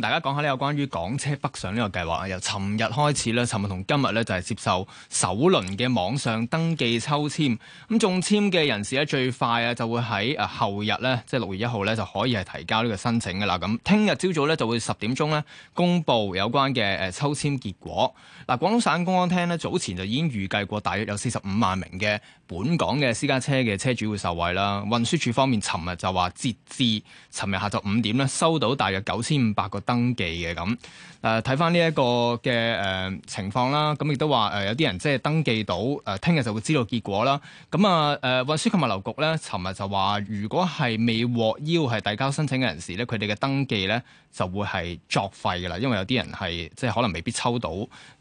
大家講下呢有關於港車北上呢個計劃啊！由尋日開始咧，尋日同今日咧就係接受首輪嘅網上登記抽籤。咁中籤嘅人士咧，最快啊就會喺啊後日咧，即係六月一號咧就可以係提交呢個申請㗎啦。咁聽日朝早咧就會十點鐘咧公佈有關嘅抽籤結果。嗱，廣東省公安廳呢，早前就已經預計過，大約有四十五萬名嘅本港嘅私家車嘅車主會受惠啦。運輸署方面，尋日就話截至尋日下晝五點咧，收到大約九千五百個。登記嘅。咁，誒睇翻呢一個嘅誒、呃、情況啦，咁亦都話誒、呃、有啲人即係登記到，誒聽日就會知道結果啦。咁啊誒運輸及物流局咧，尋日就話，如果係未獲邀係遞交申請嘅人士咧，佢哋嘅登記咧就會係作廢㗎喇，因為有啲人係即係可能未必抽到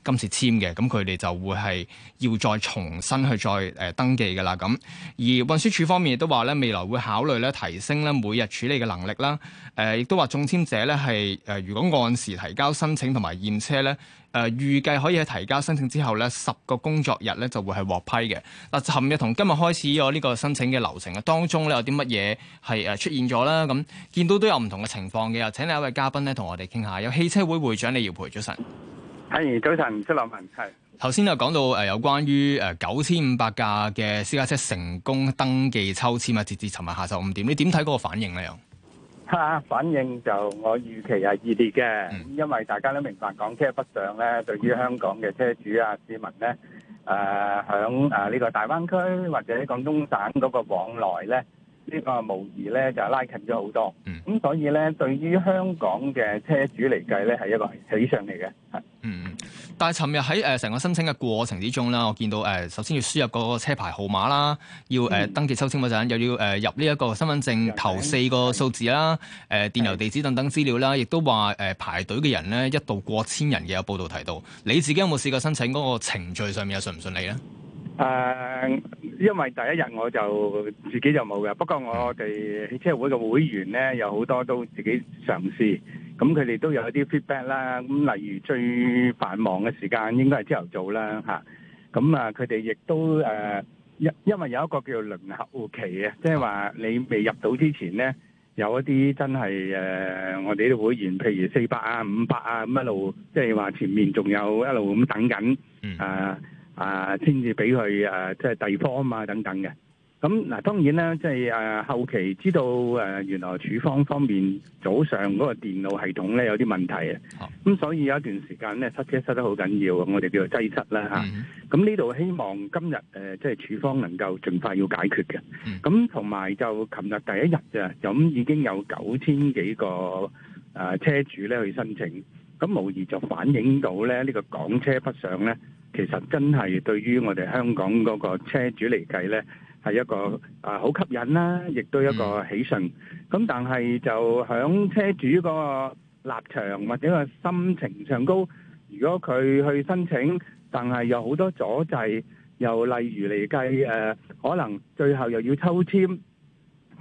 今次簽嘅，咁佢哋就會係要再重新去再誒、呃、登記㗎喇。咁而運輸署方面亦都話咧，未來會考慮咧提升咧每日處理嘅能力啦。誒、呃、亦都話中簽者咧係誒。如果按時提交申請同埋驗車呢，誒預計可以喺提交申請之後呢十個工作日呢就會係獲批嘅。嗱，尋日同今日開始有呢個申請嘅流程啊，當中呢，有啲乜嘢係誒出現咗啦？咁見到都有唔同嘅情況嘅，又請你一位嘉賓呢，同我哋傾下。有汽車會會長李耀培，早晨。係早晨，出立文係。頭先就講到誒有關於誒九千五百架嘅私家車成功登記抽籤啊，截至尋日下晝五點，你點睇嗰個反應呢？啊、反應就我預期係熱烈嘅，因為大家都明白港車北上咧，對於香港嘅車主啊，市民咧，誒響誒呢個大灣區或者廣東省嗰個往來咧。呢、這個無疑咧就拉近咗好多，咁、嗯、所以咧對於香港嘅車主嚟計咧係一個喜訊嚟嘅，嗯。但係尋日喺成個申請嘅過程之中啦，我見到、呃、首先要輸入嗰個車牌號碼啦，要、嗯、登記抽籤嗰陣又要、呃、入呢一個身份證頭四個數字啦，電郵地址等等資料啦，亦都話排隊嘅人咧一度過千人嘅有報道提到，你自己有冇試過申請嗰個程序上面又順唔順利咧？信誒、uh，因為第一日我就自己就冇嘅，不過我哋汽車會嘅會員咧，有好多都自己嘗試，咁佢哋都有一啲 feedback 啦。咁例如最繁忙嘅時間應該係朝頭早啦，吓，咁啊，佢哋亦都誒，因、啊、因為有一個叫輪候期啊，即係話你未入到之前咧，有一啲真係誒、啊，我哋啲會員，譬如四百啊、五百啊，咁一路即係話前面仲有一路咁等緊、啊，嗯啊，先至俾佢誒，即、啊、係、就是、地方嘛，等等嘅。咁嗱，當然啦，即係誒後期知道誒、啊、原來處方方面早上嗰個電腦系統咧有啲問題啊。咁所以有一段時間咧，塞車塞得好緊要，我哋叫做擠塞啦吓。咁呢度希望今日誒即係處方能夠盡快要解決嘅。咁同埋就琴日第一日咋，咁已經有九千幾個誒、啊、車主咧去申請，咁無疑就反映到咧呢個港車北上咧。其實真係對於我哋香港嗰個車主嚟計呢，係一個啊好吸引啦，亦都一個喜訊。咁但係就響車主個立場或者個心情上高，如果佢去申請，但係有好多阻滯，又例如嚟計誒，可能最後又要抽籤，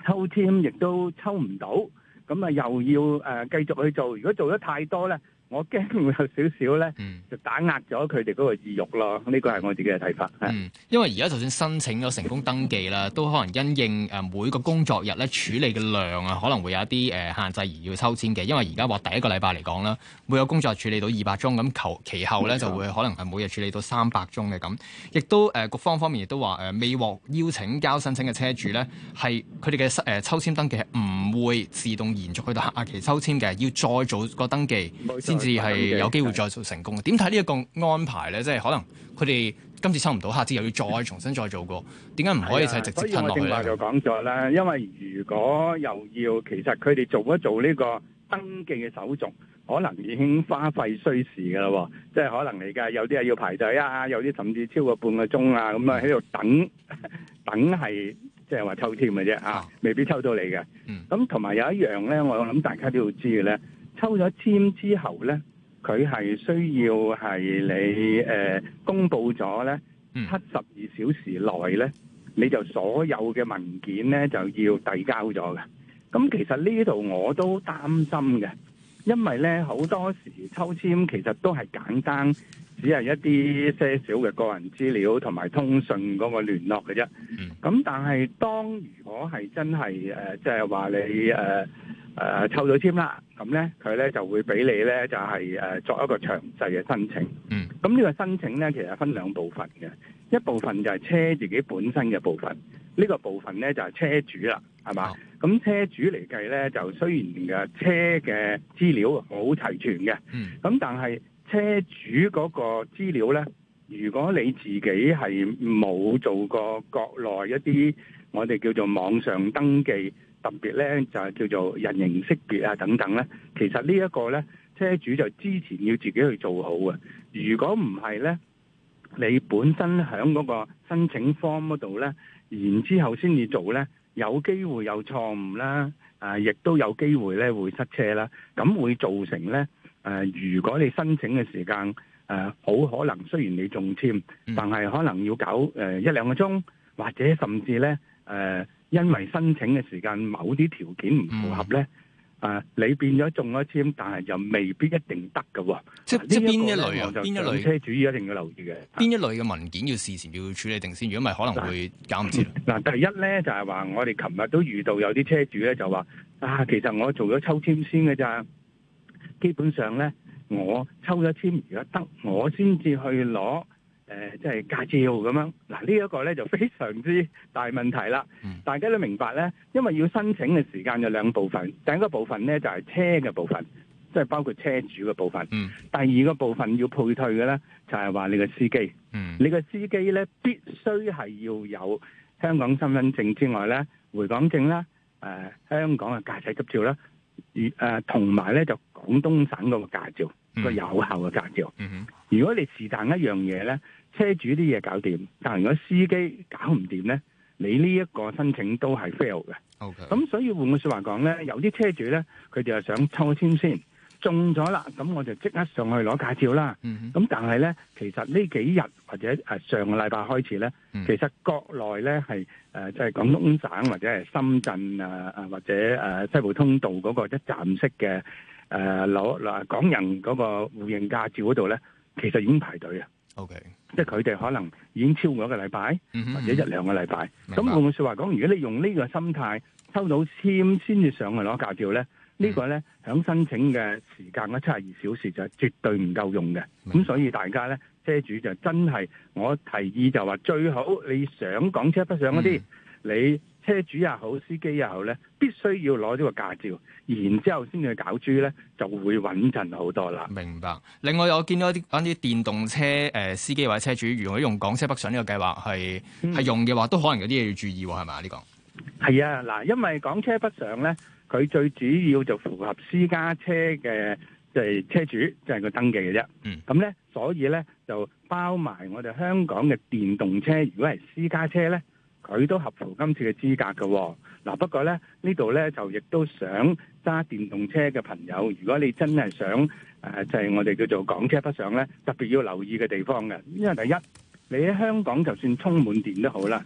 抽籤亦都抽唔到，咁啊又要誒繼續去做。如果做得太多呢～我驚會有少少咧，就打壓咗佢哋嗰個意欲咯。呢個係我自己嘅睇法，嗯。因為而家就算申請咗成功登記啦，都可能因應誒每個工作日咧處理嘅量啊，可能會有一啲誒限制而要抽籤嘅。因為而家話第一個禮拜嚟講啦，每個工作日處理到二百宗，咁求其後咧就會可能係每日處理到三百宗嘅咁。亦都誒、呃、局方方面亦都話誒未獲邀請交申請嘅車主咧，係佢哋嘅誒抽籤登記係唔會自動延續去到下期抽籤嘅，要再做個登記。至係有機會再做成功嘅，點睇呢一個安排咧？即係可能佢哋今次抽唔到，下次又要再重新再做過。點解唔可以就係直接吞落去？正話就講咗啦，因為如果又要、嗯、其實佢哋做一做呢個登記嘅手續，可能已經花費需時噶啦，即係可能嚟噶。有啲係要排隊啊，有啲甚至超過半個鐘啊，咁啊喺度等等，係即係話抽籤嘅啫啊，未必抽到你嘅。咁同埋有一樣咧，我諗大家都要知嘅咧。抽咗籤之後呢，佢係需要係你誒公佈咗呢七十二小時內呢，你就所有嘅文件呢就要遞交咗嘅。咁其實呢度我都擔心嘅，因為呢好多時抽籤其實都係簡單，只係一啲些少嘅個人資料同埋通訊嗰個聯絡嘅啫。咁但係當如果係真係誒，即係話你誒。誒、呃、抽咗簽啦，咁咧佢咧就會俾你咧就係、是、誒作一個詳細嘅申請。嗯，咁呢個申請咧其實分兩部分嘅，一部分就係車自己本身嘅部分，呢、這個部分咧就係車主啦，係嘛？咁、嗯、車主嚟計咧，就雖然嘅車嘅資料好齊全嘅，嗯，咁但係車主嗰個資料咧，如果你自己係冇做過國內一啲我哋叫做網上登記。特別咧就係叫做人形識別啊等等咧，其實呢一個咧，車主就之前要自己去做好嘅。如果唔係咧，你本身喺嗰個申請 form 嗰度咧，然之後先至做咧，有機會有錯誤啦，啊，亦都有機會咧會塞車啦。咁會造成咧，誒，如果你申請嘅時間誒，好可能雖然你中籤，但係可能要搞誒一兩個鐘，或者甚至咧誒。因為申請嘅時間某啲條件唔符合咧，嗯，啊，你變咗中咗簽，但係又未必一定得嘅。即、啊、即邊一類啊？邊一類車主一定要留意嘅。邊一類嘅文件要事前要處理定先，如果唔係可能會搞唔切。嗱，啊嗯啊，第一咧就係、是、話我哋琴日都遇到有啲車主咧就話啊，其實我做咗抽簽先嘅咋，基本上咧我抽咗簽而家得，我先至去攞。誒、呃，即、就、係、是、駕照咁樣，嗱、這個、呢一個咧就非常之大問題啦、嗯。大家都明白咧，因為要申請嘅時間有兩部分，第一個部分咧就係、是、車嘅部分，即、就、係、是、包括車主嘅部分、嗯。第二個部分要配退嘅咧，就係、是、話你嘅司機、嗯。你嘅司機咧必須係要有香港身份證之外咧，回港證啦，誒、呃、香港嘅駕駛執照啦，與誒同埋咧就廣東省嗰個駕照。個、嗯、有效嘅駕照、嗯。如果你是但一樣嘢咧，車主啲嘢搞掂，但係如果司機搞唔掂咧，你呢一個申請都係 fail 嘅。OK。咁所以換句説話講咧，有啲車主咧，佢哋係想抽籤先，中咗啦，咁我就即刻上去攞駕照啦。咁、嗯、但係咧，其實呢幾日或者上個禮拜開始咧、嗯，其實國內咧係誒即係廣東省或者係深圳啊啊、呃、或者誒、呃、西部通道嗰個一站式嘅。誒攞嗱，港人嗰個互認駕照嗰度咧，其實已經排隊啊。O、okay. K，即係佢哋可能已經超過一個禮拜，mm -hmm. 或者一兩個禮拜。咁換句説話講，如果你用呢個心態抽到簽先至上去攞駕照咧，這個、呢個咧響申請嘅時間咧七十二小時就絕對唔夠用嘅。咁、mm -hmm. 所以大家咧，車主就真係，我提議就話最好你想港車北上嗰啲，你、mm -hmm.。車主也好，司機也好咧，必須要攞呢個駕照，然之後先去搞豬咧，就會穩陣好多啦。明白。另外，我見到啲啱啲電動車誒、呃，司機或者車主，如果用港車北上呢個計劃，係係用嘅話、嗯，都可能有啲嘢要注意，係嘛呢個？係啊，嗱，因為港車北上咧，佢最主要就符合私家車嘅即係車主，即係佢登記嘅啫。嗯。咁咧，所以咧就包埋我哋香港嘅電動車，如果係私家車咧。佢都合乎今次嘅資格㗎嗱、哦，不過呢呢度呢，就亦都想揸電動車嘅朋友，如果你真係想、呃、就係、是、我哋叫做港車北上呢，特別要留意嘅地方嘅，因為第一你喺香港就算充滿電都好啦，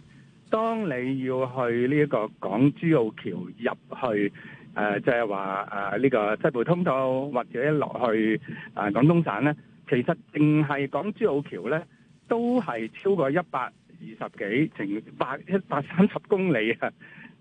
當你要去呢一個港珠澳橋入去、呃、就係話呢個西部通道或者一落去誒、呃、廣東省呢，其實淨係港珠澳橋呢，都係超過一百。二十幾乘百一百三十公里啊，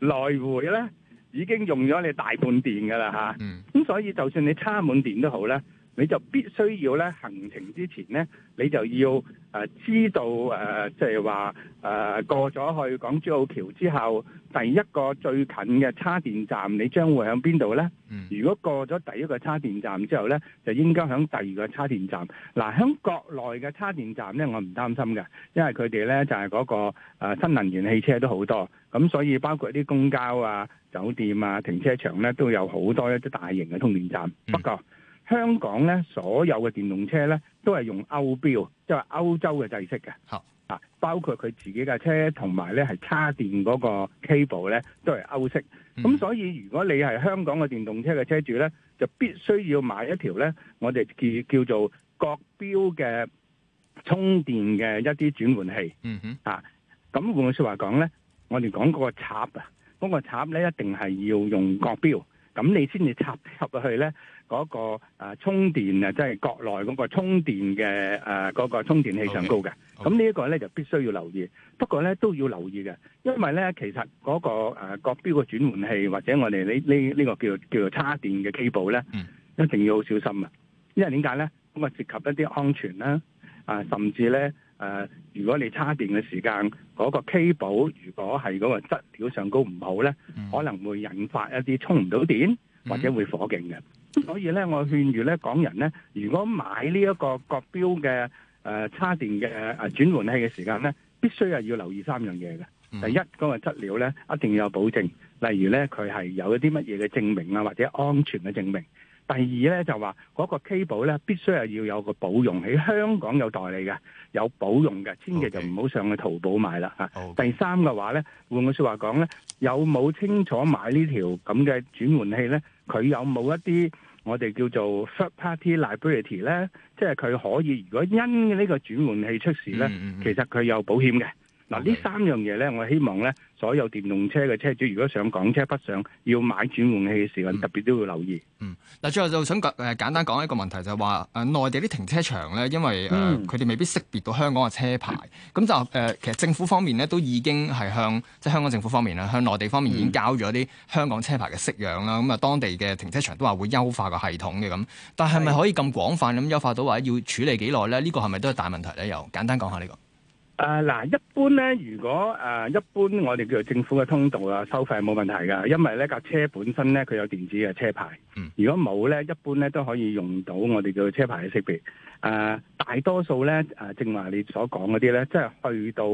來回咧已經用咗你大半電噶啦嚇，咁、嗯、所以就算你差滿電都好咧。你就必須要咧行程之前咧，你就要誒、呃、知道誒，即係話誒過咗去港珠澳橋之後，第一個最近嘅叉電站，你將會喺邊度咧？如果過咗第一個叉電站之後咧，就應該喺第二個叉電站。嗱、啊，喺國內嘅叉電站咧，我唔擔心嘅，因為佢哋咧就係、是、嗰、那個、呃、新能源汽車都好多，咁所以包括啲公交啊、酒店啊、停車場咧，都有好多一啲大型嘅充電站、嗯。不過，香港咧，所有嘅電動車咧，都係用歐標，即、就、係、是、歐洲嘅制式嘅。好啊，包括佢自己架車同埋咧，係叉電嗰個 cable 咧，都係歐式。咁、嗯、所以如果你係香港嘅電動車嘅車主咧，就必須要買一條咧，我哋叫叫做國標嘅充電嘅一啲轉換器。嗯哼、嗯，啊，咁換句説話講咧，我哋講嗰個插啊，嗰、嗰個插咧一定係要用國標，咁你先至插插入去咧。嗰、那個呃、個充電啊，即係國內嗰個充電嘅誒嗰個充電器上高嘅，咁、okay. okay. 呢一個咧就必須要留意。不過咧都要留意嘅，因為咧其實嗰、那個誒國標嘅轉換器或者我哋呢呢呢個叫做、這個、叫，叫做叉電嘅 cable 咧，mm. 一定要好小心啊！因為點解咧？咁啊，涉及一啲安全啦，啊甚至咧誒、呃，如果你叉電嘅時間嗰、那個 cable 如果係嗰個質料上高唔好咧，mm. 可能會引發一啲充唔到電、mm. 或者會火警嘅。所以咧，我勸喻咧港人咧，如果買呢一個國標嘅誒叉電嘅誒、呃、轉換器嘅時間咧，必須係要留意三樣嘢嘅。第一，嗰、那個質料咧一定要有保證，例如咧佢係有一啲乜嘢嘅證明啊，或者是安全嘅證明。第二咧就話嗰個 cable 咧必須係要有個保用，喺香港有代理嘅有保用嘅，千祈就唔好上去淘寶買啦嚇、okay。第三嘅話咧，換句說話講咧，有冇清楚買呢條咁嘅轉換器咧？佢有冇一啲我哋叫做 third party liability 咧？即係佢可以如果因呢個轉換器出事咧，mm -hmm. 其實佢有保險嘅。嗱，呢三樣嘢咧，我希望咧。所有電動車嘅車主，如果想港車北上，要買轉換器嘅時候，特別都要留意。嗯，嗱、嗯，最後就想講誒、呃、簡單講一個問題，就係話誒內地啲停車場呢，因為誒佢哋未必識別到香港嘅車牌，咁、嗯、就誒、呃、其實政府方面呢，都已經係向即係香港政府方面啦，向內地方面已經交咗啲香港車牌嘅式樣啦。咁、嗯、啊、嗯，當地嘅停車場都話會優化個系統嘅咁，但係咪可以咁廣泛咁優化到或者要處理幾耐呢？呢、這個係咪都係大問題呢？又簡單講下呢、這個。啊、呃、嗱，一般咧，如果啊、呃，一般我哋叫做政府嘅通道啊，收費冇問題噶，因為咧架車本身咧佢有電子嘅車牌。嗯，如果冇咧，一般咧都可以用到我哋叫做車牌嘅識別。啊、呃，大多數咧啊，正話你所講嗰啲咧，即係去到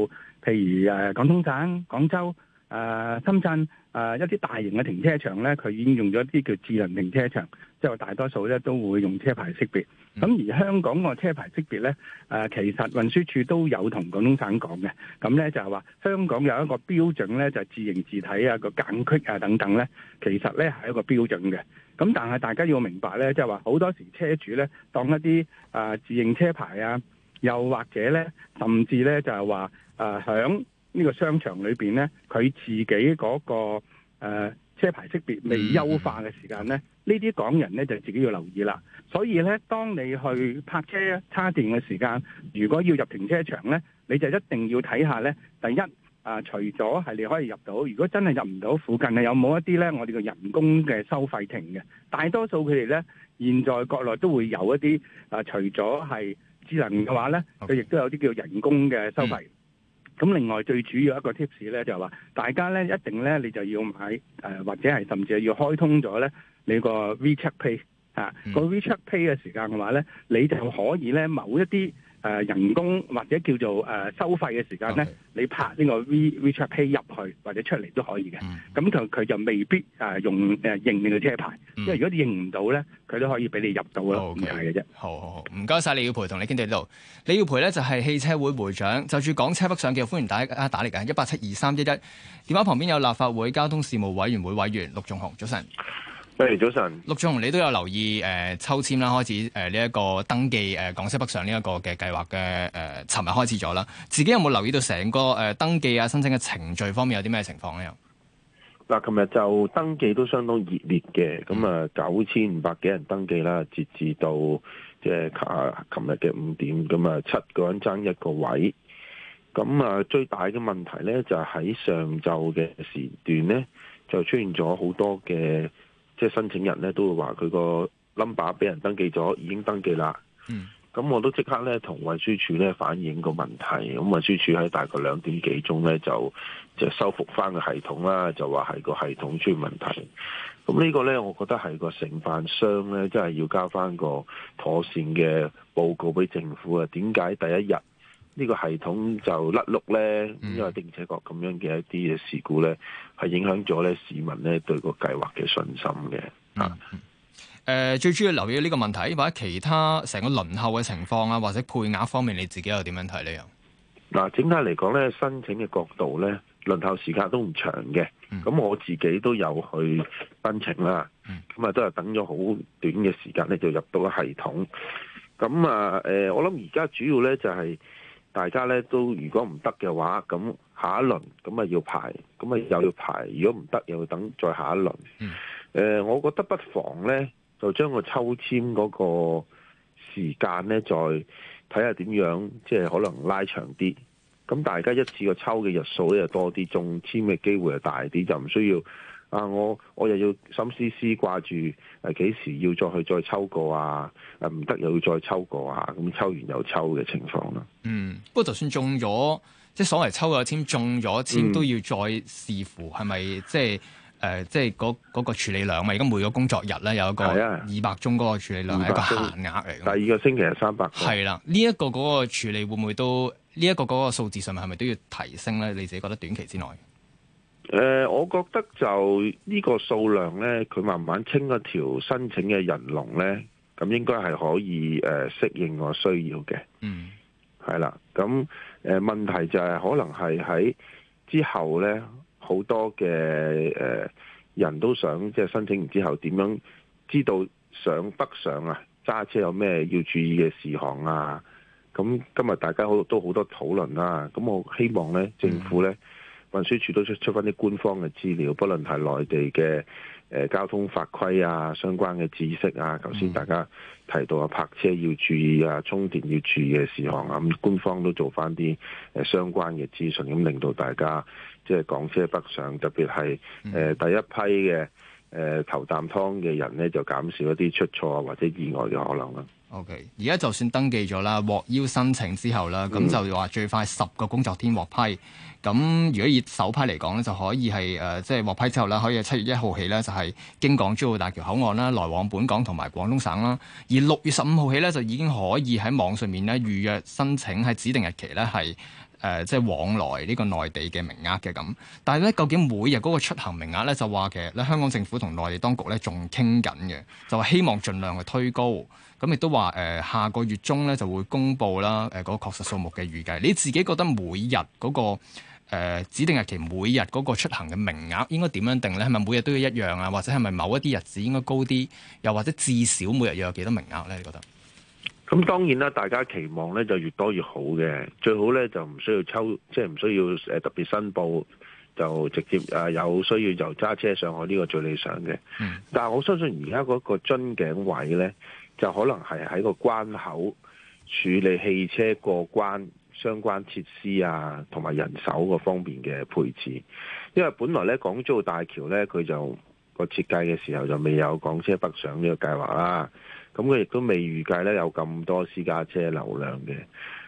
譬如啊、呃，廣東省、廣州、啊、呃、深圳。啊、呃！一啲大型嘅停車場咧，佢應用咗一啲叫智能停車場，即係大多數咧都會用車牌識別。咁而香港個車牌識別呢，誒、呃、其實運輸署都有同廣東省講嘅。咁呢就係、是、話香港有一個標準呢，就係、是、字型字體啊、個間距啊等等呢，其實呢係一個標準嘅。咁但係大家要明白呢，即係話好多時車主呢，當一啲誒、呃、自認車牌啊，又或者呢，甚至呢，就係話誒響。呃呢、這個商場裏面呢，佢自己嗰、那個誒、呃、車牌識別未優化嘅時間呢，呢啲港人呢就自己要留意啦。所以呢，當你去泊車叉電嘅時間，如果要入停車場呢，你就一定要睇下呢。第一啊，除咗係你可以入到，如果真係入唔到附近咧，有冇一啲呢？我哋嘅人工嘅收費亭嘅。大多數佢哋呢，現在國內都會有一啲啊，除咗係智能嘅話呢，佢、okay. 亦都有啲叫人工嘅收費。嗯咁另外最主要一個 tips 咧，就係話大家咧一定咧，你就要買誒，或者係甚至係要開通咗咧，你、嗯，那個 WeChat Pay 嚇個 WeChat Pay 嘅時間嘅話咧，你就可以咧某一啲。誒、呃、人工或者叫做誒、呃、收費嘅時間咧，okay. 你拍呢個 WeChat Pay 入去或者出嚟都可以嘅。咁佢佢就未必誒、呃、用誒、呃、認你嘅車牌，Uh-huh. 因為如果你認唔到咧，佢都可以俾你入到咯，咁解嘅啫。好好好，唔該晒，李耀培同你傾到呢度。李耀培咧就係、是、汽車會會長，就住港車北上嘅，歡迎大家打嚟嘅，一八七二三一一。電話旁邊有立法會交通事務委員會委員陸頌雄，早晨。早晨，陸頌雄，你都有留意誒抽簽啦，開始誒呢一個登記誒港、呃、車北上呢一個嘅計劃嘅誒，尋、呃、日開始咗啦，自己有冇留意到成個誒、呃、登記啊，申請嘅程序方面有啲咩情況咧？嗱，琴日就登記都相當熱烈嘅，咁啊九千五百幾人登記啦，截至到即係啊琴日嘅五點，咁啊七個人爭一個位，咁啊最大嘅問題咧就喺、是、上晝嘅時段咧就出現咗好多嘅。即係申請人咧都會話佢個 number 俾人登記咗，已經登記啦。咁、嗯、我都即刻咧同運輸處咧反映個問題，咁運輸處喺大概兩點幾鐘咧就即係修復翻個系統啦，就話係個系統出現問題。咁呢個咧，我覺得係個承辦商咧，真係要交翻個妥善嘅報告俾政府啊。點解第一日？呢、這個系統就甩碌咧，因為的而且確咁樣嘅一啲嘅事故咧，係影響咗咧市民咧對個計劃嘅信心嘅。啊、嗯，誒、嗯呃、最主要留意呢個問題，或者其他成個輪候嘅情況啊，或者配額方面，你自己又點樣睇呢？又嗱，整體嚟講咧，申請嘅角度咧，輪候時間都唔長嘅。咁、嗯、我自己都有去申請啦，咁啊都係等咗好短嘅時間咧就入到個系統。咁啊誒，我諗而家主要咧就係、是。大家咧都如果唔得嘅話，咁下一輪，咁啊要排，咁啊又要排。如果唔得，又要等再下一輪。誒、嗯呃，我覺得不妨咧，就將個抽籤嗰個時間咧，再睇下點樣，即係可能拉長啲。咁大家一次過抽嘅日數咧就多啲，中籤嘅機會就大啲，就唔需要。啊！我我又要心思思掛住誒幾時要再去再抽過啊？誒、啊、唔得又要再抽過啊！咁抽完又抽嘅情況咧。嗯，不過就算中咗，即係所謂抽咗簽中咗簽，了都要再視乎係咪即係誒，即係嗰嗰個處理量啊！而家每個工作日咧有一個二百宗嗰個處理量係、啊、一個限額嚟。第二個星期係三百。係啦、啊，呢、這、一個嗰個處理會唔會都呢一、這個嗰個數字上面係咪都要提升咧？你自己覺得短期之內？誒、呃，我覺得就呢個數量呢，佢慢慢清一條申請嘅人龍呢，咁應該係可以誒適、呃、應個需要嘅。嗯，係啦，咁誒、呃、問題就係可能係喺之後呢，好多嘅誒人都想即係、就是、申請完之後，點樣知道上北上啊，揸車有咩要注意嘅事項啊？咁今日大家好都好多討論啦，咁我希望呢、嗯、政府呢。運輸署都出出翻啲官方嘅資料，不論係內地嘅、呃、交通法規啊、相關嘅知識啊，頭、mm. 先大家提到啊泊車要注意啊、充電要注意嘅事項啊，咁、嗯、官方都做翻啲、呃、相關嘅資訊，咁令到大家即係港車北上，特別係、呃、第一批嘅誒、呃、頭啖湯嘅人咧，就減少一啲出錯、啊、或者意外嘅可能啦、啊。O.K. 而家就算登記咗啦，獲邀申請之後啦，咁就話最快十個工作天獲批。咁如果以首批嚟講咧，就可以係誒，即、呃、係、就是、獲批之後咧，可以係七月一號起呢，就係經港珠澳大橋口岸啦，來往本港同埋廣東省啦。而六月十五號起呢，就已經可以喺網上面呢預約申請，喺指定日期呢係。誒、呃，即係往來呢個內地嘅名額嘅咁，但係咧，究竟每日嗰個出行名額咧，就話其實咧，香港政府同內地當局咧，仲傾緊嘅，就話希望儘量去推高，咁亦都話誒，下個月中咧就會公布啦，誒、呃，嗰確實數目嘅預計。你自己覺得每日嗰個、呃、指定日期每日嗰個出行嘅名額應該點樣定咧？係咪每日都要一樣啊？或者係咪某一啲日子應該高啲？又或者至少每日要有幾多名額咧？你覺得？咁當然啦，大家期望咧就越多越好嘅，最好咧就唔需要抽，即係唔需要特別申報，就直接有需要就揸車上去。呢個最理想嘅。但我相信而家嗰個樽頸位咧，就可能係喺個關口處理汽車過關相關設施啊，同埋人手個方面嘅配置。因為本來咧港珠澳大橋咧，佢就個設計嘅時候就未有港車北上呢個計劃啦。咁佢亦都未預計咧有咁多私家車流量嘅，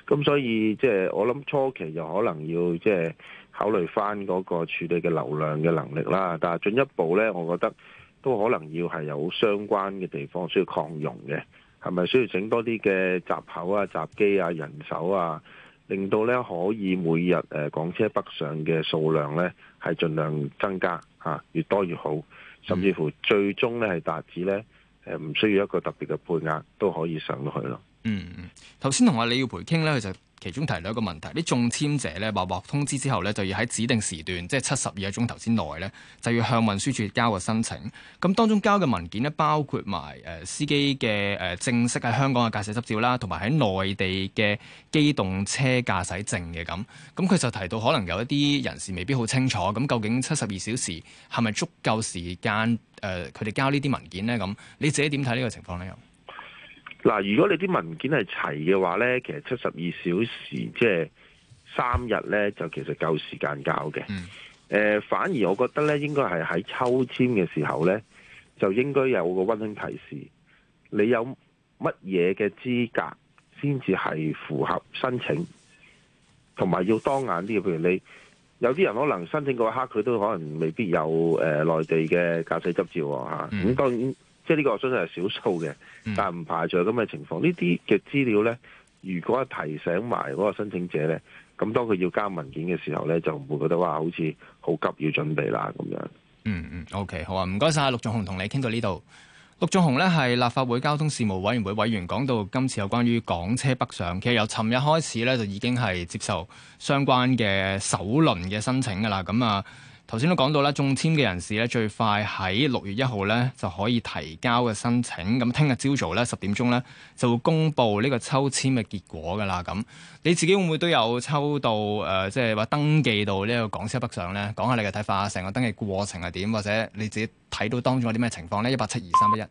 咁所以即係、就是、我諗初期就可能要即係、就是、考慮翻嗰個處理嘅流量嘅能力啦。但係進一步咧，我覺得都可能要係有相關嘅地方需要擴容嘅，係咪需要整多啲嘅閘口啊、閘機啊、人手啊，令到咧可以每日、呃、港車北上嘅數量咧係盡量增加吓、啊、越多越好，甚至乎最終咧係達至咧。誒唔需要一個特別嘅配額，都可以上到去咯。嗯，頭先同阿李耀培傾咧，佢就。其中提到一個問題，啲中簽者咧話獲通知之後咧，就要喺指定時段，即係七十二個鐘頭之內咧，就要向運輸署交個申請。咁當中交嘅文件咧，包括埋誒司機嘅誒正式喺香港嘅駕駛執照啦，同埋喺內地嘅機動車駕駛證嘅咁。咁佢就提到可能有一啲人士未必好清楚，咁究竟七十二小時係咪足夠時間誒？佢、呃、哋交呢啲文件咧咁，你自己點睇呢個情況咧？嗱，如果你啲文件係齊嘅話咧，其實七十二小時即係三日咧，就其實夠時間搞嘅。誒、嗯。反而我覺得咧，應該係喺抽籤嘅時候咧，就應該有個溫馨提示，你有乜嘢嘅資格先至係符合申請，同埋要當眼啲嘅。譬如你有啲人可能申請嗰一刻佢都可能未必有誒呃、內地嘅駕駛執照嚇。咁、啊嗯、當然。即係呢個相信係少數嘅，但唔排除有咁嘅情況。呢啲嘅資料呢，如果提醒埋嗰個申請者呢，咁當佢要交文件嘅時候呢，就唔會覺得話好似好急要準備啦咁樣。嗯嗯，OK，好啊，唔該晒。陸頌雄，同你傾到呢度。陸頌雄呢，係立法會交通事務委員會委員，講到今次有關於港車北上，其實由尋日開始呢，就已經係接受相關嘅首輪嘅申請噶啦。咁啊～頭先都講到啦，中籤嘅人士咧，最快喺六月一號咧就可以提交嘅申請。咁聽日朝早咧十點鐘咧就會公布呢個抽籤嘅結果㗎啦。咁你自己會唔會都有抽到？誒、呃，即係話登記到呢個港車北上咧？講下你嘅睇法，成個登記過程係點，或者你自己睇到當中有啲咩情況咧？一八七二三一一